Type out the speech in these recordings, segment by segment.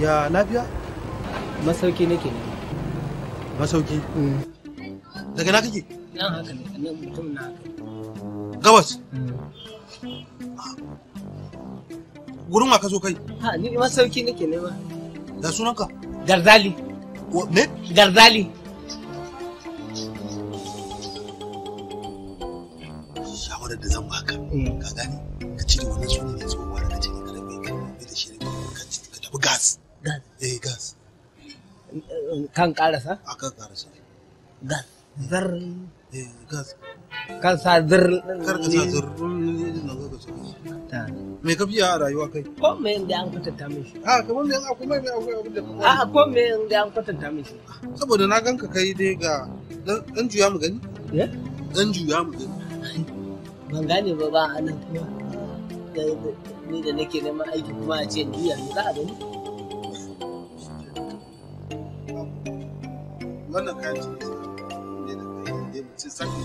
ya lafiya masauki nake ne masauki mm. daga na kake nan haka ne nan mutum na haka gabas gurin mm. wa ka zo kai ha ni masauki nake ne ba da sunanka garzali ne garzali shawarar da zan baka mm. ka gane kan karasa? A kan karasa. Gas. Zar. Eh, gas. Kan sa zar. Kar ka sa zar. ta Me ka biya a rayuwa kai? Ko me da an kwatanta mishi. A kamar me akwai mai akwai abin da kuma. A ko me da an kwatanta mishi. Saboda na ganka kai dai ga dan juya mu gani? Eh? Dan juya mu gani. Ban gane ba ba a nan kuma. Ni da nake neman aiki kuma a ce ni yanzu za a gani. wannan kayan cikin ne da kai ne mu ci saki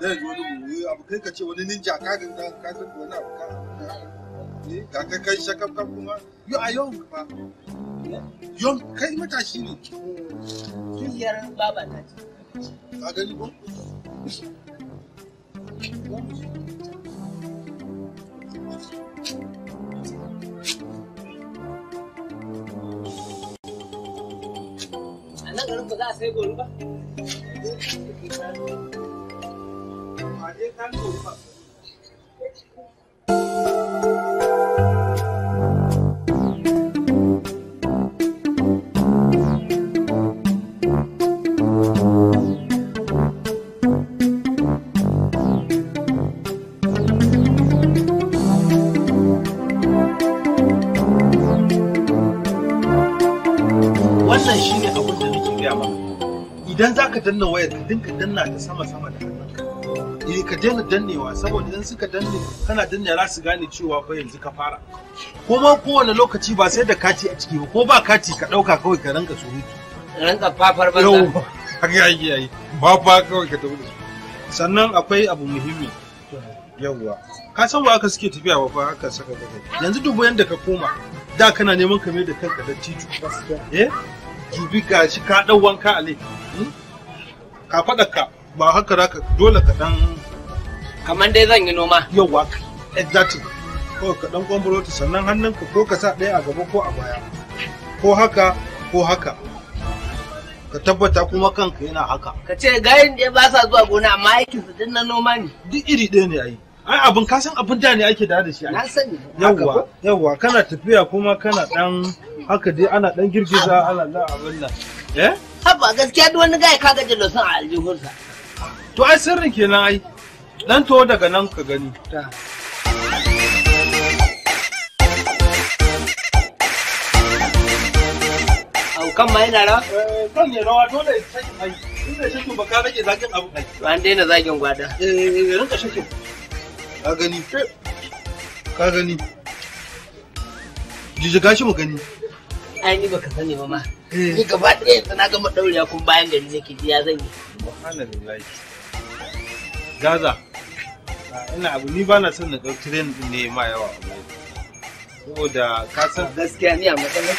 da ji wani buwe abu kai ka ce wani ninja ka ga da ka san wani abu ka ne eh, ga ka kai shakam kam kuma you a young ba young kai matashi ne kiyar baba ta ce ka gani ko Thank you. 咱们不大采购了吧？买点干货吧。danna wayar ka dinka danna ta sama sama da hannunka eh ka daina dannewa saboda idan suka danne kana danne za su gane cewa fa yanzu ka fara ko ma kowane lokaci ba sai da kati a ciki ba ko ba kati ka dauka kawai ka ranka surutu ranka fafar banza yau yayi yayi ba fa kawai ka tafi sannan akwai abu muhimmi yawwa ka san ba aka suke tafiya ba fa haka saka gaba yanzu dubu yanda ka koma da kana neman ka mai da kanka da titi eh jibi bi ka dau wanka a laifi hmm? ka faɗa ka ba haka za ka dole ka dan kamar dai zan yi noma yawa exactly ko ka dan kwamburo ta sannan hannunka ko ka sa ɗaya a gaba ko a baya ko haka ko haka ka tabbata kuma kanka yana haka ka ce gayin da ba sa zuwa gona amma aikin su din na noma ne duk iri ɗaya ne ai ai abin ka san abin da ne ake da shi na sani yawa yawa kana tafiya kuma kana dan haka dai ana dan girgiza ana da abin nan eh haba gaskiya duk wani gaya kaga jalosin a aljihunsa to ai sirrin kenan ai dan to daga nan ka gani kan ma yana rawa? Eh, kan ne rawa dole shakin ai inda tuba ka rage zagin abu To an daina zagin gwada eh rinka shakin ka gani ka gani jijjiga shi mu gani ai ni baka sani ba ma ni gaba ɗaya yanzu na gama ɗaurewa kun bayan gari zai ki ya zan yi gaza ina abu ni ba na son na ɗauki ne ma yawa saboda ka san gaskiya ni a matsayin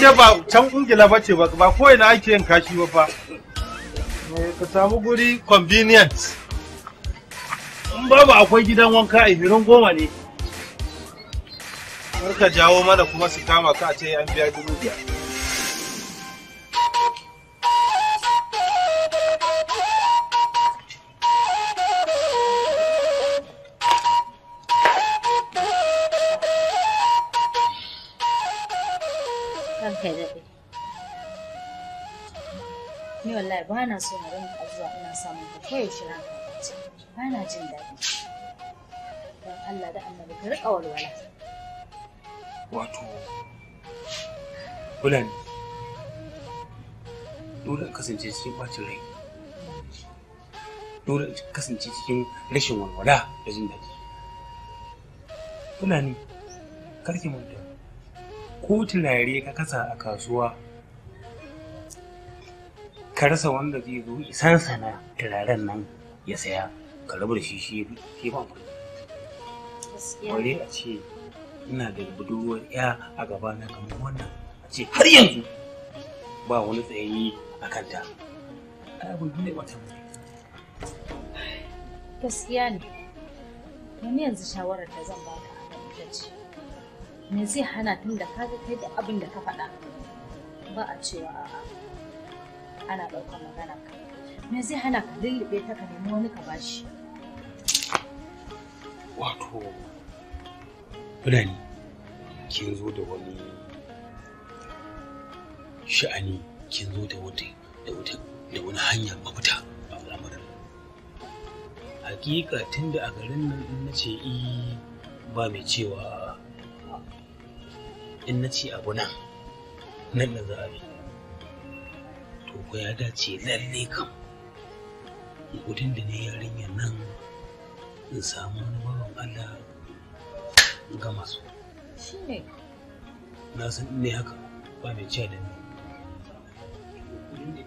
da ba can ungila ba ce ba ko ina ake yin kashi ba fa eh, ka samu guri convenient in babu akwai gidan wanka a ibirin goma ne kar ka jawo mana kuma su kama ka ce an biya dubu biyar ni wallahi ba na so na rinka zuwa ina samun ka koyaushe ranka ba na jin daɗi don Allah da annabi ka riƙa walwala wato fulani dole in kasance cikin ɓacin rai dole in kasance cikin rashin walwala da jin daɗi fulani karki manta ko tunare ka kasa a kasuwa ka rasa wanda zai zo isan sana turaren nan ya saya ka rabu da shi shi ya fi amfani. Wale a ce ina da budurwar ya a gabana kamar wannan a ce har yanzu ba wani tsayayi a kanta abu ne wata mutum gaskiya ne Wani yanzu shawarar da zan baka ita ce me zai hana tun da ka ga kai da abin da ka faɗa ba a cewa a'a ana ɗaukar magana ka me zai hana ka lullube ta ka nemi wani ka bashi wato birane kin zo da wani sha'ani kin zo da wata da wata da wani hanya mafita a al'amarin hakika tun da a garin nan in na ce i ba mai cewa in na ce abu nan nan da za a bi to ko ya dace lalle kam gudun da ne yarinya nan in samu wani bawan Allah in su shi ne na san ne haka ba mai ciya da ni shi ne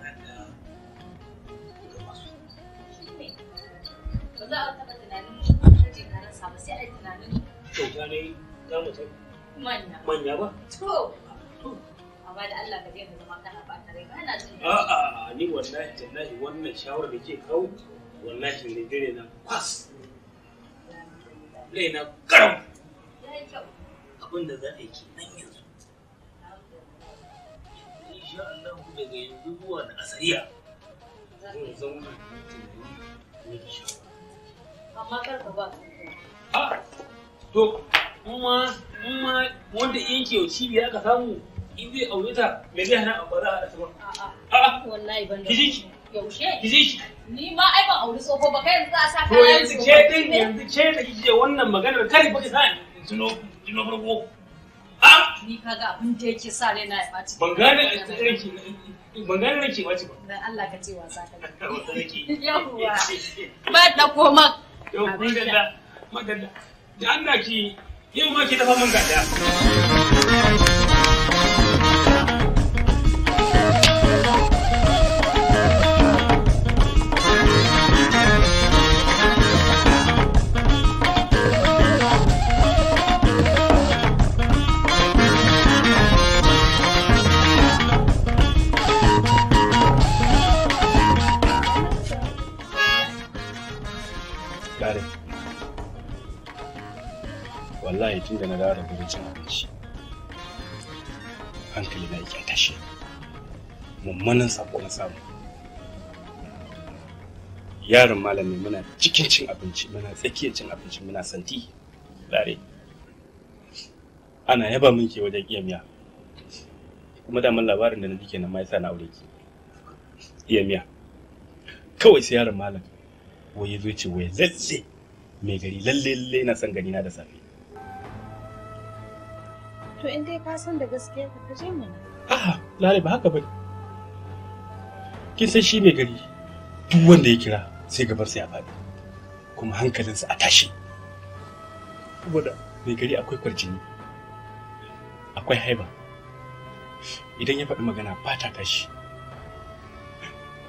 ba a ka ba sai a yi tunanin ba da Allah ka je ka zama kana ba tare ba jin a'a ni wallahi tallahi wannan da ke kawo wallahi ne dire na kwas lai na garam abin da za a yi nan yanzu insha Allah daga yanzu zuwa da asariya zan zauna ne insha amma kar ka ba a to kuma kuma wanda ke yau cibiya ka samu in zai aure ta me zai hana a ba za a rasa ba a'a wallahi ban da Yaushe? Ki Ni ma ai ban auri tsoho ba kai yanzu za a sa kayan yanzu ce din yanzu ce da kike wannan maganar kai ba ki sa tuno tuno farko. Ni kaga abin da yake sa rai na ya ɓaci. Ban gane ranki ban gane ranki ɓaci ba. Dan Allah ka ce wasa ka. Yawwa. Ba da koma. Yau kun da madalla. Da Allah ki yau ma ki dafa mun gada. kare wallahi tun da na dawo da gurin cin abinci hankali na yake tashi mummunan sako na samu yaron malami muna cikin cin abinci muna tsakiyar cin abinci muna santi tare ana yaba min ke wajen iya miya kuma daman labarin da na ji kenan ma yasa na aure ki iya miya kawai sai yaron malami wai zo ce wai ya mai gari lalle lalle ina san gani na da safe to in dai ka san da gaskiya ka kaje Ah, lalle ba haka bane kin san shi mai gari duk wanda ya kira sai gaban sai a faɗi kuma hankalinsa a tashi saboda mai gari akwai kwarjini akwai haiba idan ya faɗi magana ba ta tashi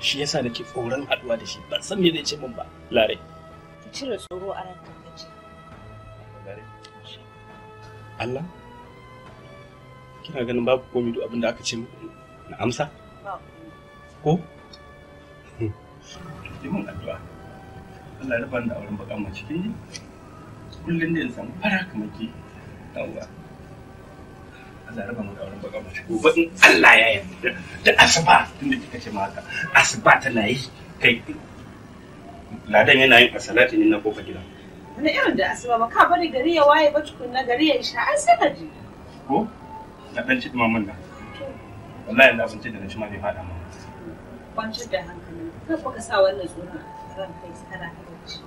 shi yasa ke tsoron haduwa da shi ban san me zai ce min ba lare ka cire tsoro a ranka ka ce Allah kina ganin babu komai duk abin da aka ce muku na amsa ko hmm. ki mun addu'a Allah ya rabar da auren bakan mace kin yi. kullun ne in samu fara kamar ki dan Allah raba mu da auren baka mace gobe in Allah ya yarda da asuba tunda kika ce maka asuba tana yi kai ladan yana yin asalati ne na kofa gida wani irin da asuba ba ka bari gari ya waye ba tukunna gari ya isha an sai ka ko na dan ci dumamin nan wallahi Allah sun ce da shi ma bai fada ma kwantar da hankali kai baka sa wannan tsoron ran kai kana kai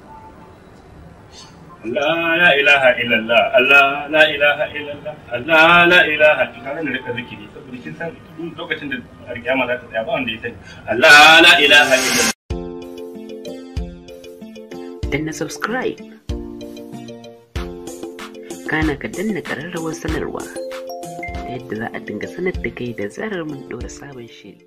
Allah la ilaha illallah Allah la ilaha illallah Allah la ilaha illallah ne rika zikiri saboda kin san lokacin da alkiyama za ta tsaya ba wanda ya sani Allah la ilaha illallah danna subscribe kana ka danna ƙararrawar sanarwa ta yadda za a dinga sanar da kai da zarar mun ɗora sabon shiri